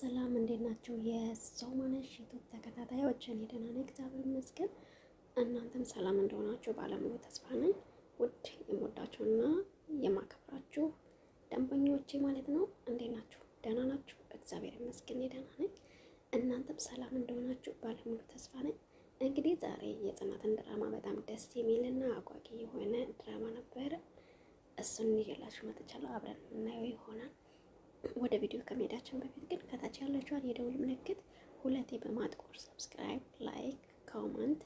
ሰላም እንዴት ናችሁ? የሶማነሽ ዩቱብ ተከታታዮች እኔ ደህና ነኝ እግዚአብሔር ይመስገን። እናንተም ሰላም እንደሆናችሁ ባለሙሉ ተስፋ ነኝ። ውድ የምወዳችሁና የማከብራችሁ ደንበኞቼ ማለት ነው እንዴት ናችሁ? ደህና ናችሁ? እግዚአብሔር ይመስገን ደህና ነኝ። እናንተም ሰላም እንደሆናችሁ ባለሙሉ ተስፋ ነኝ። እንግዲህ ዛሬ የጽናትን ድራማ በጣም ደስ የሚልና አጓጊ የሆነ ድራማ ነበረ። እሱን ይዤላችሁ መጥቻለሁ። አብረን የምናየው ይሆናል ወደ ቪዲዮ ከመሄዳችን በፊት ግን ከታች ያለችዋን የደውል ምልክት ሁለቴ በማጥቆር ሰብስክራይብ፣ ላይክ፣ ኮመንት፣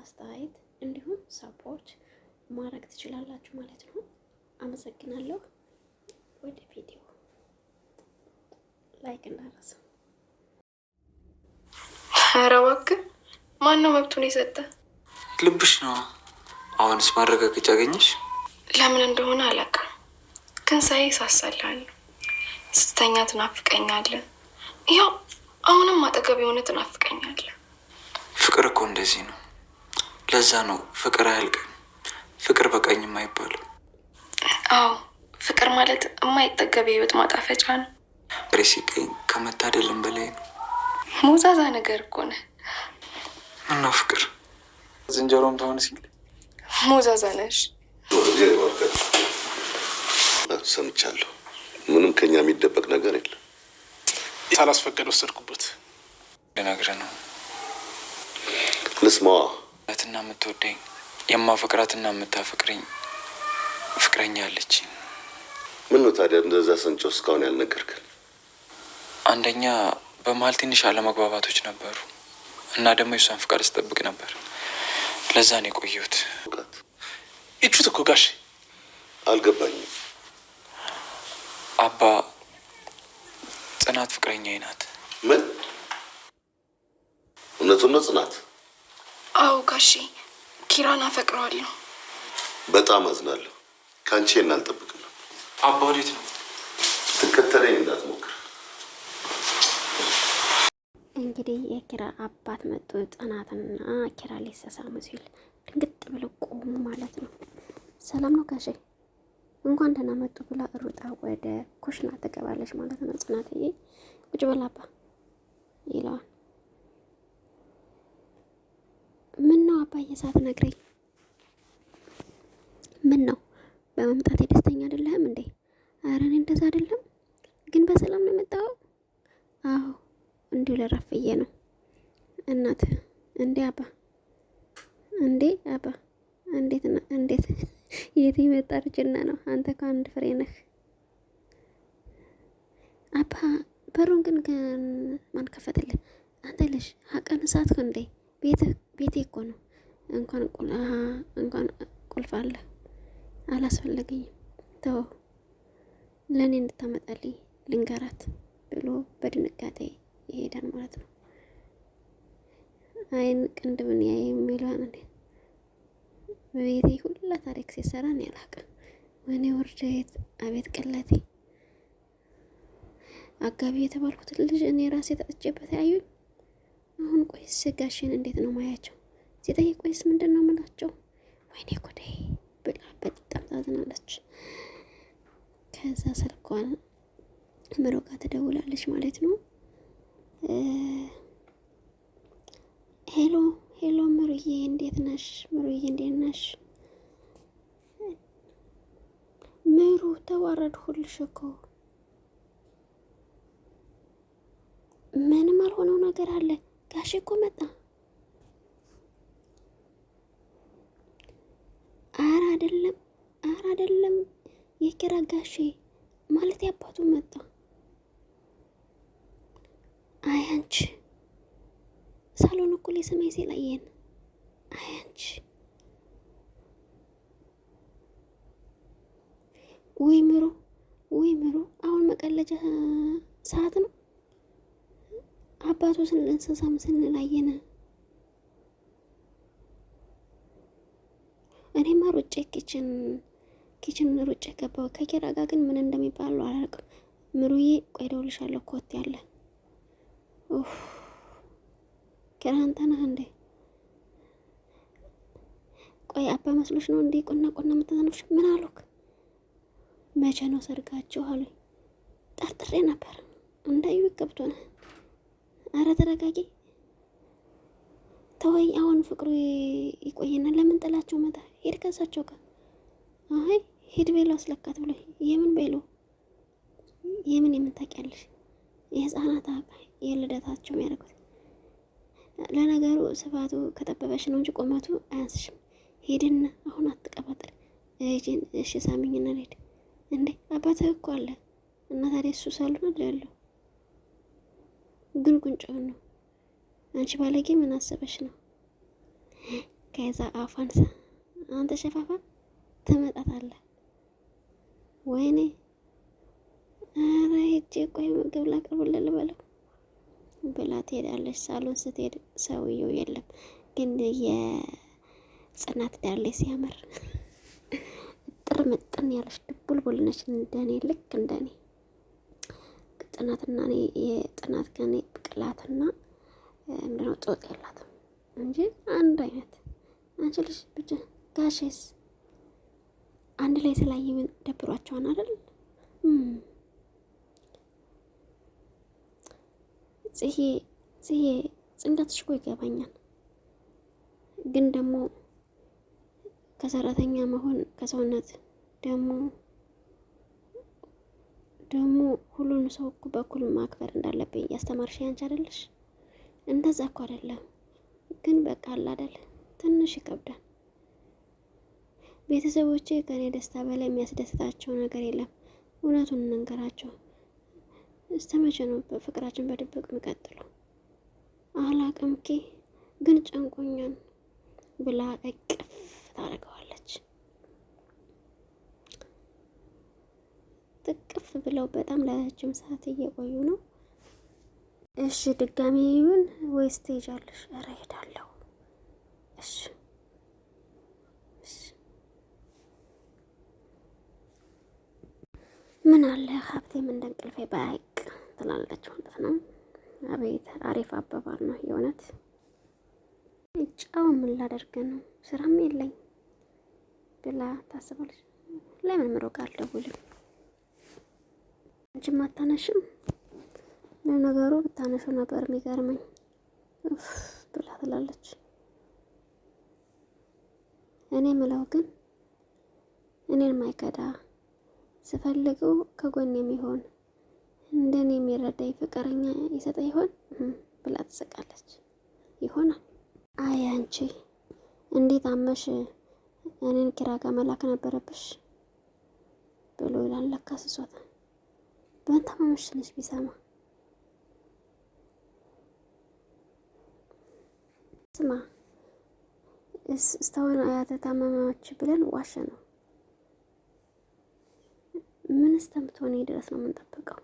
አስተያየት እንዲሁም ሰፖርት ማድረግ ትችላላችሁ ማለት ነው። አመሰግናለሁ። ወደ ቪዲዮ ላይክ እንዳረሰ። ኧረ እባክህ ማን ነው መብቱን የሰጠ? ልብሽ ነው። አሁንስ ማረጋገጫ አገኘሽ? ለምን እንደሆነ አላውቅም፣ ግን ሳይ ሳሳልሃለሁ ስተኛ ትናፍቀኛለህ። ያው አሁንም አጠገብ የሆነ ትናፍቀኛለህ። ፍቅር እኮ እንደዚህ ነው። ለዛ ነው ፍቅር አያልቅም፣ ፍቅር በቀኝ የማይባለው። አዎ ፍቅር ማለት የማይጠገብ የህይወት ማጣፈጫ ነው። ፍቅር ሲገኝ ከመታደልም በላይ ነው። ሞዛዛ ነገር እኮ ነህ። ምነው ፍቅር ዝንጀሮም ትሆን ሲል ሞዛዛ ነሽ። ሰምቻለሁ ከኛ የሚደበቅ ነገር የለም። ሳላስፈቀድ ወሰድኩበት ልነግርህ ነው። ልስማዋ ትና የምትወደኝ የማፈቅራትና የምታፈቅረኝ ፍቅረኛ አለች። ምን ነው ታዲያ እንደዛ ሰንጮ እስካሁን ያልነገርክን? አንደኛ በመሀል ትንሽ አለመግባባቶች ነበሩ እና ደግሞ የሷን ፍቃድ ስጠብቅ ነበር። ለዛ ነው የቆየሁት። እቹት እኮ ጋሽ አልገባኝም። አባ ጽናት ፍቅረኛዬ ናት። ምን? እውነቱን ነው ጽናት? አዎ ጋሼ፣ ኪራን አፈቅረዋለሁ። በጣም አዝናለሁ። ከአንቺ ይሄን አልጠብቅም። አባ ወዴት ነው? ትከተለኝ እንዳትሞክር። እንግዲህ የኪራ አባት መጡ። ጽናትና ኪራ ሊሰሳሙ ሲል ድንግጥ ብለው ቆሙ ማለት ነው። ሰላም ነው ጋሼ? እንኳን ደህና መጡ ብላ ሩጣ ወደ ኩሽና ትገባለች ማለት ነው። ጽናትዬ ቁጭ በላባ ይለዋል። ምን ነው አባዬ ሳትነግረኝ? ምን ነው በመምጣት የደስተኛ አይደለህም እንዴ? ኧረ እኔ እንደዛ አይደለም ግን በሰላም ነው የመጣው። አዎ እንዲሁ ለረፍዬ ነው እናት እንዴ አባ እንዴ አባ እንዴት እንዴት የት የመጣ እርጅና ነው? አንተ ከአንድ ፍሬ ነህ። አባ በሩን ግን ማን ከፈተልህ? አንተ ልጅ ሀቀን እሳት እንዴ? ቤቴ እኮ ነው። እንኳን እንኳን ቁልፍ አለ። አላስፈለገኝም። ተው ለእኔ እንድታመጣልኝ ልንገራት ብሎ በድንጋጤ ይሄዳል ማለት ነው። አይን ቅንድብን ያየ የሚለውን በቤቴ ሁላ ታሪክ ሲሰራ ነው ያላቀ ወኔ ወርደት አቤት ቅለቴ አጋቢ የተባልኩት ልጅ እኔ ራሴ ተጥጬበት ያዩኝ። አሁን ቆይስ ጋሽን እንዴት ነው ማያቸው ሲጠይቅ ቆይስ ምንድን ነው ምላቸው? ወይኔ ጉዴ ብላ በጣም ታዝናለች። ከዛ ስልኳን ምሮ ጋር ትደውላለች ማለት ነው ሄሎ ሄሎ ምሩዬ፣ እንዴት ነሽ? ምሩዬ፣ እንዴት ነሽ? ምሩ ተዋረድኩልሽ እኮ ምንም አልሆነው ነገር አለ። ጋሽ እኮ መጣ። አረ አይደለም፣ አረ አይደለም። የኪራ ጋሼ ማለት ያባቱ መጣ። አይ አንቺ ሳሎን እኩል የሰማይ ሲለየን አያንች ወይ ምሩ ወይ ምሮ አሁን መቀለጃ ሰዓት ነው። አባቱ ስንል እንስሳም ስንላየን እኔማ ሩጬ ኪችን ኪችን ሩጬ ገባው። ከኪራ ጋር ግን ምን እንደሚባለው አላውቅም። ምሩዬ ቆይደውልሻለሁ ኮት ያለ ኪራ አንተ ነህ እንዴ? ቆይ አባ መስሎሽ ነው እንዴ? ቁና ቁና የምትዘንብሽ ምን አሉክ? መቼ ነው ሰርጋችሁ አሉኝ። ጠርጥሬ ነበር እንዳዩ ገብቶነ። አረ ተረጋጊ ተወኝ። አሁን ፍቅሩ ይቆየና ለምን ጥላቸው መጣ? ሄድ ከሳቸው ጋር አይ ሄድ ቤሎ አስለካት ብሎ የምን ቤሎ የምን የምን የህፃናት አባ የልደታቸው የሚያደርጉት ለነገሩ ስፋቱ ከጠበበሽ ነው እንጂ ቁመቱ አያንስሽም። ሄድና አሁን አትቀባጠር ጅን እሺ ሳሚኝና ሄድ። እንዴ አባትህ እኮ አለ እና ታዲያ እሱ ሳሉ ነው ያለው ግን ቁንጮን ነው። አንቺ ባለጌ ምን አሰበሽ ነው? ከዛ አፏን አንተ ሸፋፋ ትመጣታለህ። ወይኔ አረ ሂጅ። ቆይ ምግብ ላቅርብልህ ልበለው ብላ ትሄዳለች። ሳሎን ስትሄድ ሰውየው የለም፣ ግን የጽናት ዳሌ ላይ ሲያምር ጥር ምጥን ያለች ድቡል ነች። እንደኔ ልክ እንደኔ ጥናትና የጥናት ከኔ ብቅላትና ምንድነው ጾጥ ያላት እንጂ አንድ አይነት አንቺ ልጅ ብቻ ጋሼስ አንድ ላይ የተለያየ ደብሯቸዋን ደብሯቸውን አይደል? ጽሄ ጽሄ ጽንዳትሽ እኮ ይገባኛል፣ ግን ደግሞ ከሰራተኛ መሆን ከሰውነት ደግሞ ደግሞ ሁሉን ሰው እኮ በኩል ማክበር እንዳለብኝ ያስተማርሽ አንቺ አይደለሽ? እንደዛ እኮ አይደለም፣ ግን በቃ አለ ትንሽ ይከብዳል። ቤተሰቦቼ ከእኔ ደስታ በላይ የሚያስደስታቸው ነገር የለም። እውነቱን እንንገራቸው። እስተመቼ ነው በፍቅራችን በድብቅ ምቀጥለው? አላቅም ኬ ግን ጨንቆኛን ብላ እቅፍ ታደርገዋለች። ጥቅፍ ብለው በጣም ለረጅም ሰዓት እየቆዩ ነው። እሺ ድጋሚ ይሁን ወይስ ትሄጃለሽ? ኧረ እሄዳለሁ። እሺ ምን አለ ሀብቴም እንደ እንቅልፌ ትላለች ማለት ነው። አቤት አሪፍ አባባል ነው የእውነት። ጫው ምን ላደርግ ነው ስራም የለኝ ብላ ታስባለች። ለምን ምሮቅ አልደውልም? አንቺም አታነሽም? ለነገሩ ብታነሹ ነበር የሚገርመኝ ብላ ትላለች። እኔ ምለው ግን እኔን ማይከዳ ስፈልገው ከጎን የሚሆን እንደኔ የሚረዳኝ ፍቅረኛ ይሰጠ ይሆን ብላ ትስቃለች። ይሆናል። አይ አንቺ እንዴት አመሽ? እኔን ኪራ ጋር መላክ ነበረብሽ ብሎ ይላል። ለካ ስሷት በጣም ትንሽ ቢሰማ ስማ እስተሆነ አያተ ታመማች ብለን ዋሸ ነው። ምን እስከምትሆን ድረስ ነው የምንጠብቀው?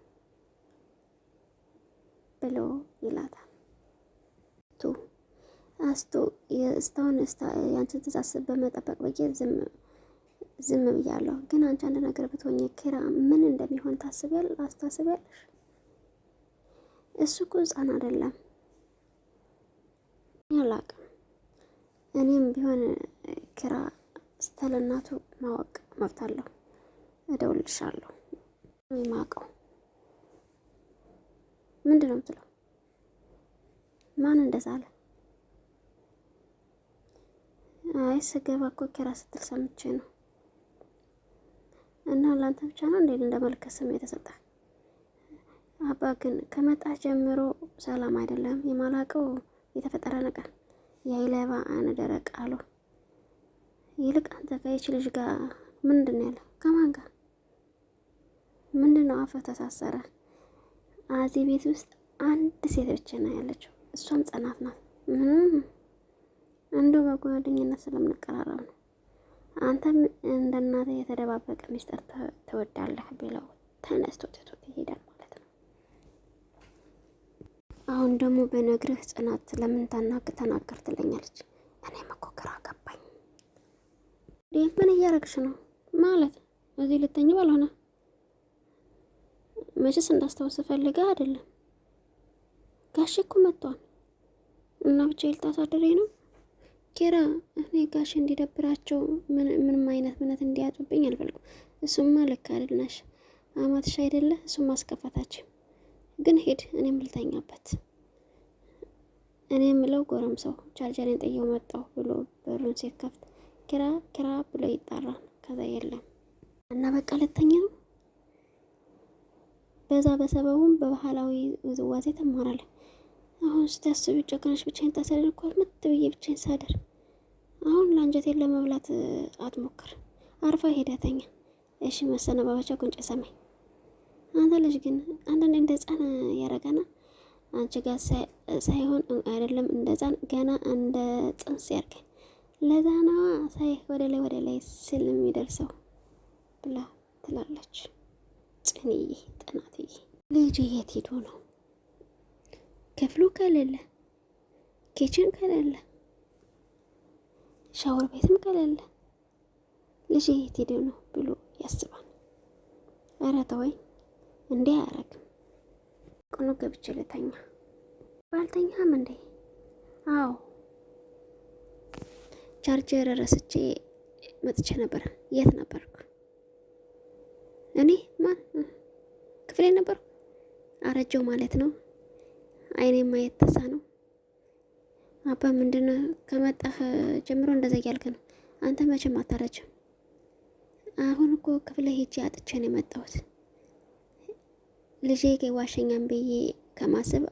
ብሎ ይላታል። ቱ አስቱ እስካሁን ያንቺን ትእዛዝ በመጠበቅ ብዬ ዝም ዝም ብያለሁ፣ ግን አንቺ አንድ ነገር ብትሆኝ ኪራ ምን እንደሚሆን ታስቢያል አስታስቢያለሽ? እሱ እኮ ህፃን አይደለም። አላቅም እኔም ቢሆን ኪራ ስተልናቱ ማወቅ መብት አለሁ። እደውልልሻለሁ። የማውቀው ምንድን ነው የምትለው? ማን እንደዛ አለ? አይ ስገባ እኮ ኪራ ስትል ሰምቼ ነው። እና ላንተ ብቻ ነው እንዴ እንደመልከ ስም የተሰጠ? አባ ግን ከመጣ ጀምሮ ሰላም አይደለም። የማላቀው የተፈጠረ ነገር የአይለባ አይነ ደረቅ አሉ። ይልቅ አንተ ከይች ልጅ ጋር ምንድን ነው ያለ? ከማን ጋር ምንድን ነው አፈ ተሳሰረ? አዚህ ቤት ውስጥ አንድ ሴት ብቻ ነው ያለችው እሷም ጽናት ናት። አንዱ በጓደኝነት ስለምንቀራረብ ነው። አንተም እንደ የተደባበቀ ሚስጥር ትወዳለህ ብለው ተነስቶ ትቶት ይሄዳል ማለት ነው። አሁን ደግሞ በነግርህ ጽናት ለምን ታናግ ተናገር ትለኛለች። እኔም እኮ ግራ ገባኝ። ምን እያረግሽ ነው ማለት እዚህ ልተኝ ባልሆነ መቼስ እንዳስታውስ ፈልገህ አይደለም ጋሽ እኮ መጥቷል እና ብቻ ልታሳድሬ ነው ኬራ። እኔ ጋሽ እንዲደብራቸው ምንም አይነት እምነት እንዲያጡብኝ አልፈልጉም። እሱማ ልክ አይደለሽ አማትሽ አይደለ እሱማ አስከፋታችን። ግን ሄድ፣ እኔም ልተኛበት። እኔ የምለው ሰው ቻርጀሬን ጥየው መጣሁ ብሎ በሩን ሲከፍት ኪራ ኪራ ብሎ ይጠራል ከዛ የለም እና በቃ ልተኛ ነው። በዛ በሰበቡም በባህላዊ ውዝዋዜ ትማራለህ። አሁን ስታስቢ ጨክነሽ ብቻዬን ታሳደርኳ ምት ብዬ ብቻዬን ሳደር። አሁን ለአንጀቴን ለመብላት አትሞክር። አርፋ ሄዳተኛ እሺ መሰነባበቻ ቁንጭ ሰማይ። አንተ ልጅ ግን አንዳንድ እንደ ህፃን ያረገና አንቺ ጋር ሳይሆን አይደለም እንደ ህፃን ገና እንደ ጽንስ ያርገን ለዛና ሳይ ወደ ላይ ወደ ላይ ስል የሚደርሰው ብላ ትላለች ጽንዬ ጥናትዬ ልጅ የት ሄዶ ነው? ክፍሉ ከሌለ፣ ኬችን ከሌለ፣ ሻወር ቤትም ከሌለ ልጅ የት ሄደ ነው ብሎ ያስባል። ኧረ ተወኝ እንዴ አያረግም። ቁኑ ገብቼ ልተኛ። ባልተኛም እንዴ? አዎ ቻርጀር ረስቼ መጥቼ ነበር። የት ነበርኩ እኔ? ማን ክፍሌ ነበርኩ። አረጀው ማለት ነው። አይኔ ማየት ተሳ ነው። አባ ምንድን ነው ከመጣህ ጀምሮ እንደዛ እያልክ ነው አንተ? መቼም አታረጅም። አሁን እኮ ክፍለ ሄጄ አጥቼ ነው የመጣሁት። ልጄ ዋሸኛም ብዬ ከማስብ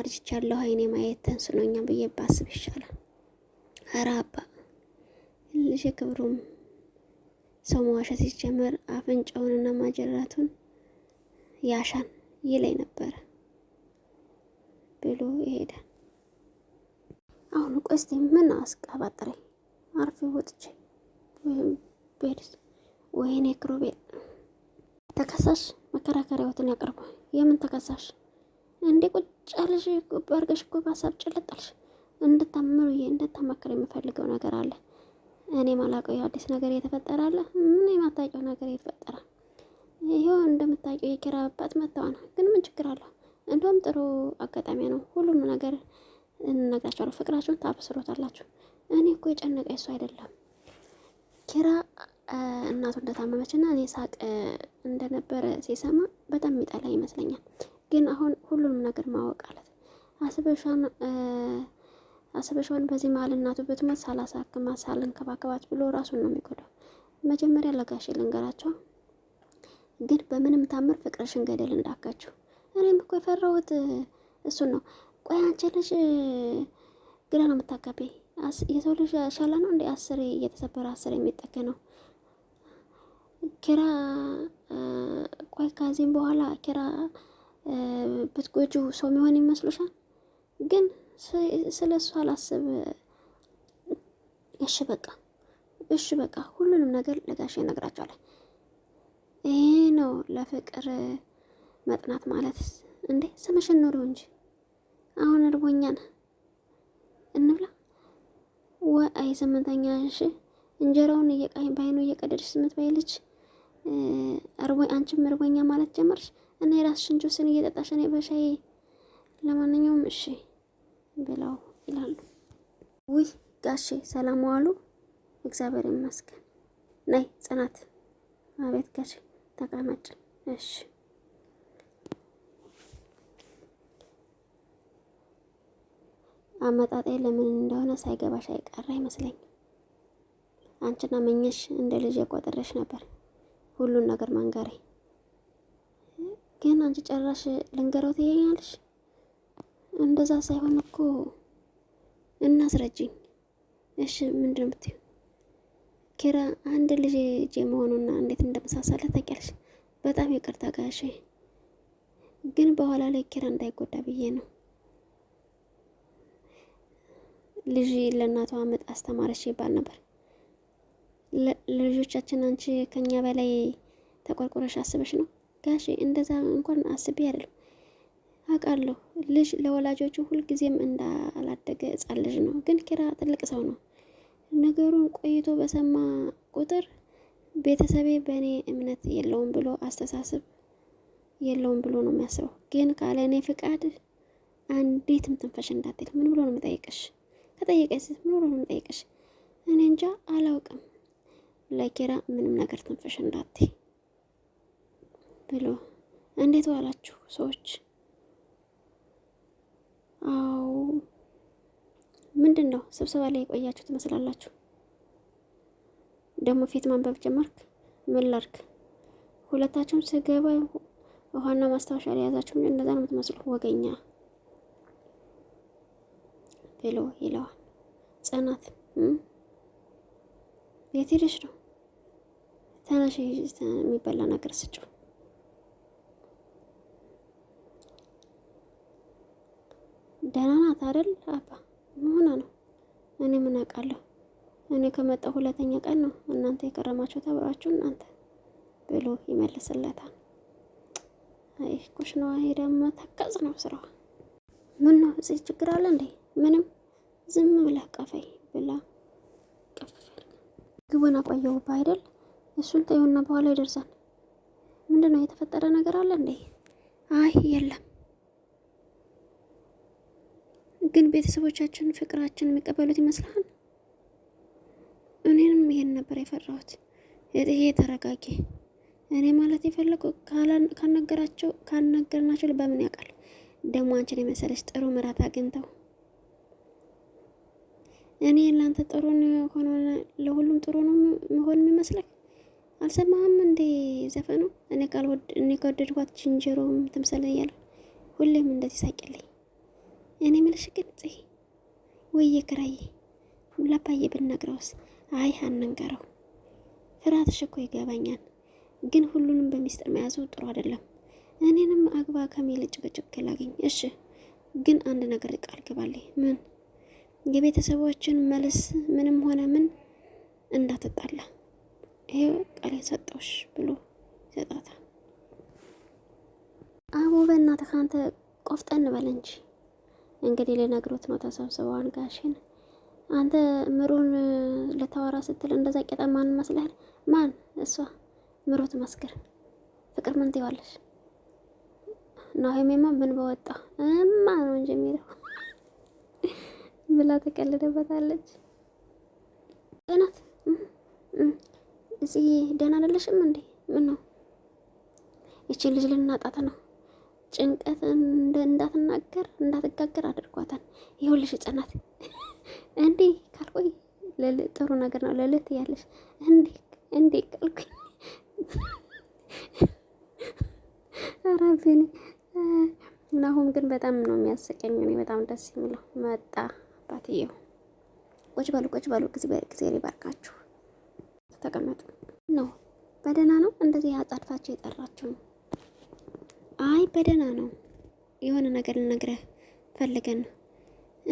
አርጅቻለሁ። አይኔ ማየት ተንስኖኛም ብዬ ባስብ ይሻላል። ኧረ አባ ልጄ ክብሩም ሰው መዋሸት ሲጀመር አፍንጫውንና ማጀራቱን ያሻን ይለኝ ነበረ። ብሎ ይሄዳል። አሁን ቆይ እስቲ ምን አስቀባጥሬ አርፌ ወጥቼ ቤድስ ወይኔ ክሩቤል ተከሳሽ መከራከሪያዎትን ያቀርቡ የምን ተከሳሽ እንዴ? ቁጭ ያለሽ በርገሽ እኮ በሀሳብ ጭለጣልሽ። እንድታምሩዬ እንድታማክር የምፈልገው ነገር አለ። እኔ ማላውቀው የአዲስ ነገር የተፈጠረ አለ። ምን የማታውቂው ነገር ይፈጠራል። ይኸው እንደምታውቂው የኪራ አባት ነው ግን ምን ችግር አለው? እንደውም ጥሩ አጋጣሚ ነው። ሁሉም ነገር እንነግራቸዋለሁ። ፍቅራችሁን ታብስሮታላችሁ። እኔ እኮ የጨነቀ እሱ አይደለም። ኪራ እናቱ እንደታመመችና እኔ ሳቅ እንደነበረ ሲሰማ በጣም የሚጠላ ይመስለኛል። ግን አሁን ሁሉንም ነገር ማወቅ አለት አስበሻን አስበሽዋን በዚህ መሀል እናቱ ብትሞት ሳላሳክማ ሳልንከባከባት ብሎ ራሱን ነው የሚጎዳው። መጀመሪያ ለጋሼ ልንገራቸው፣ ግን በምንም ታምር ፍቅርሽን ገደል እንዳካችሁ እኔም እኮ የፈራሁት እሱን ነው። ቆይ አንቺ ልጅ ግራ ነው የምታጋቢ። የሰው ልጅ ሻላ ነው እንደ አስር እየተሰበረ አስር የሚጠገ ነው። ኪራ ቆይ ከዚህም በኋላ ኪራ ብትጎጁ ሰው የሚሆን ይመስሉሻል? ግን ስለ እሱ አላስብ። እሺ በቃ እሺ በቃ ሁሉንም ነገር ለጋሽ ነግራቸዋለን። ይሄ ነው ለፍቅር መጥናት ማለት እንዴ ስምሽን ኑሪው እንጂ አሁን እርቦኛን እንብላ ወአይ አይ ስምንተኛ እሺ እንጀራውን እየቃኝ ባይኑ እየቀደድሽ ስምት ባይልች እርቦኝ አንቺም እርቦኛ ማለት ጀመርሽ እና የራስሽን ጁስን እየጠጣሽ እኔ በሻይ ለማንኛውም እሺ ብለው ይላሉ ውይ ጋሼ ሰላም ዋሉ እግዚአብሔር ይመስገን ናይ ጽናት አቤት ጋሼ ተቀመጭ እሺ አመጣጣይ ለምን እንደሆነ ሳይገባሽ አይቀር አይመስለኝም። አንቺን አመኘሽ እንደ ልጅ የቆጠረሽ ነበር ሁሉን ነገር መንገሬ። ግን አንቺ ጨራሽ ልንገረው ትይኛለሽ? እንደዛ ሳይሆን እኮ እናስረጅኝ። እሺ ምንድን ብትይው ኪራ አንድ ልጅ ጄ መሆኑና እንዴት እንደመሳሳለ ታውቂያለሽ። በጣም ይቅርታ ጋሼ፣ ግን በኋላ ላይ ኪራ እንዳይጎዳ ብዬ ነው። ልጅ ለእናቷ ምጥ አስተማረች ይባል ነበር። ለልጆቻችን አንቺ ከኛ በላይ ተቆርቆረሽ አስበሽ ነው ጋሼ። እንደዛ እንኳን አስቤ አይደለም አውቃለሁ። ልጅ ለወላጆቹ ሁልጊዜም እንዳላደገ ሕፃን ልጅ ነው። ግን ኪራ ትልቅ ሰው ነው። ነገሩን ቆይቶ በሰማ ቁጥር ቤተሰቤ በእኔ እምነት የለውም ብሎ አስተሳሰብ የለውም ብሎ ነው የሚያስበው። ግን ካለ እኔ ፍቃድ አንዲትም ትንፈሽ እንዳትል ምን ብሎ ነው የሚጠይቅሽ? ከጠየቀኝ ኖሮ ምን ጠይቀሽ? እኔ እንጃ አላውቅም። ለኪራ ምንም ነገር ትንፈሽ እንዳትይ ብሎ እንዴት ዋላችሁ ሰዎች? አዎ ምንድን ነው ስብሰባ ላይ የቆያችሁ ትመስላላችሁ። ደግሞ ፊት ማንበብ ጀመርክ? ምን ላድርግ? ሁለታችሁም ስገባ ውሃና ማስታወሻ ላይ የያዛችሁ እንደዛ ነው የምትመስሉ ወገኛ ብሎ ይለዋል። ጽናት የት ሄደሽ ነው? ተነሽ የሚበላ ነገር ስጭው። ደህና ናት አይደል አባ? መሆና ነው። እኔ ምን አውቃለሁ? እኔ ከመጣሁ ሁለተኛ ቀን ነው። እናንተ የቀረማችሁ ተብራችሁ እናንተ ብሎ ይመልስለታል። ይህ ኩሽ ነው። ይሄ ደግሞ ተቀጽ ነው ስራዋ። ምን ነው እዚህ ችግር አለ እንዴ? ምንም ዝም ብላ ቀፈይ ብላ ግቡን አቆየውባ አይደል? እሱን ተይውና በኋላ ይደርሳል። ምንድን ነው የተፈጠረ ነገር አለ እንዴ? አይ የለም። ግን ቤተሰቦቻችን ፍቅራችን የሚቀበሉት ይመስልሃል? እኔንም ይሄን ነበር የፈራሁት። ይሄ ተረጋጊ። እኔ ማለት የፈለጉ ካነገርናቸው በምን ያውቃል ደግሞ አንቺን የመሰለች ጥሩ ምራት አግኝተው እኔ ለአንተ ጥሩ ሆኖ ለሁሉም ጥሩ ነው መሆን የሚመስለኝ አልሰማህም እንዴ ዘፈኑ? እኔ ካልወድ እኔ ከወደድኳት ዝንጀሮም ትምሰለ እያለ ሁሌም እንደዚህ ሳቂልኝ። እኔ የምልሽ ግን ጽሄ ወየ ክራዬ ላባዬ ብነግረውስ? አይ አንንገረው፣ ፍርሃትሽ እኮ ይገባኛል፣ ግን ሁሉንም በሚስጥር መያዙ ጥሩ አይደለም። እኔንም አግባ ከሚል ጭቅጭቅ ላገኝ። እሺ፣ ግን አንድ ነገር ቃል ግባልኝ። ምን? የቤተሰቦችን መልስ ምንም ሆነ ምን እንዳትጣላ ይሄ ቃል ሰጠውሽ ብሎ ይሰጣታል። አቦ በእናትህ አንተ ቆፍጠን በል እንጂ እንግዲህ ሊነግሩት ነው ተሰብስበው ጋሽን አንተ ምሩን ልታወራ ስትል እንደዛ ቄጠማን መስለህ ማን እሷ ምሩት ትመስክር። ፍቅር ምን ትይዋለሽ? ናሆሜማ ምን በወጣ እማ ነው እንጂ የሚለው ብላ ተቀልደበታለች። ጽናት እዚህ ደህና አይደለሽም እንዴ? ምን ነው ይቺ ልጅ ልናጣት ነው። ጭንቀት እንዳትናገር እንዳትጋገር አድርጓታል። ይኸውልሽ ጽናት እንዴ ካልቆይ ጥሩ ነገር ነው ለልት ያለሽ እንዴ እንዴ ካልኩኝ አራቤኔ ናሁም ግን በጣም ነው የሚያስቀኝ። እኔ በጣም ደስ የሚለው መጣ አባትዬ ቁጭ በሉ ቁጭ በሉ፣ እግዚአብሔር ይባርካችሁ። ተቀመጡ ነው። በደህና ነው። እንደዚህ አጻድፋችሁ የጠራችሁ ነው። አይ በደህና ነው። የሆነ ነገር ልነግረህ ፈልገን ነው።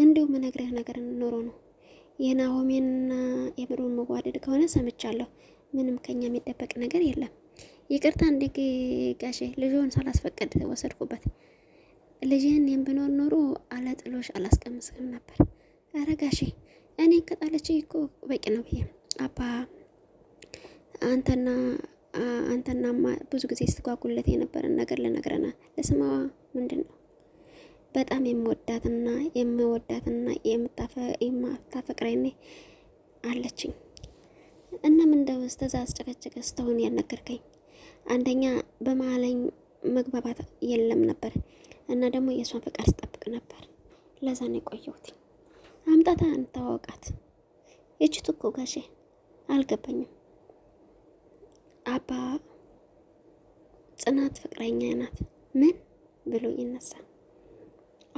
እንዲሁ ነገር ኖሮ ነው። የናሆሜንና የምሩን መዋደድ ከሆነ ሰምቻለሁ። ምንም ከኛ የሚደበቅ ነገር የለም። ይቅርታ እንዴ ጋሼ፣ ልጅን ሳላስፈቅድ ወሰድኩበት። ልጅህን ብኖር ኖሮ አለጥሎሽ አላስቀምስም ነበር። አረጋሺ እኔ ከጣለች እኮ በቂ ነው ብዬ አባ አንተና አንተናማ ብዙ ጊዜ ስትጓጉለት የነበረን ነገር ልነግረና ለስማዋ ምንድን ነው በጣም የምወዳትና የምወዳትና የምታፈቅረኝ አለችኝ። እናም እንደው እስተዛ አስጨቀጨቀ ስተሆን ያልነገርከኝ አንደኛ በመሀለኝ መግባባት የለም ነበር እና ደግሞ የእሷን ፈቃድ ስጠብቅ ነበር። ለዛ ነው የቆየሁትኝ። አምጣታ እንታወቃት እችት እኮ ጋሼ አልገባኝም። አባ ጽናት ፍቅረኛ ናት ምን ብሎ ይነሳ።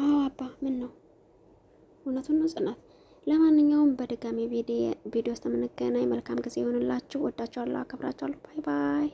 አዎ አባ ምን ነው እውነቱን ነው ጽናት። ለማንኛውም በድጋሚ ቪዲዮ ውስጥ መልካም ጊዜ ይሆንላችሁ። ወዳችኋለሁ፣ አከብራችኋለሁ። ባይ ባይ።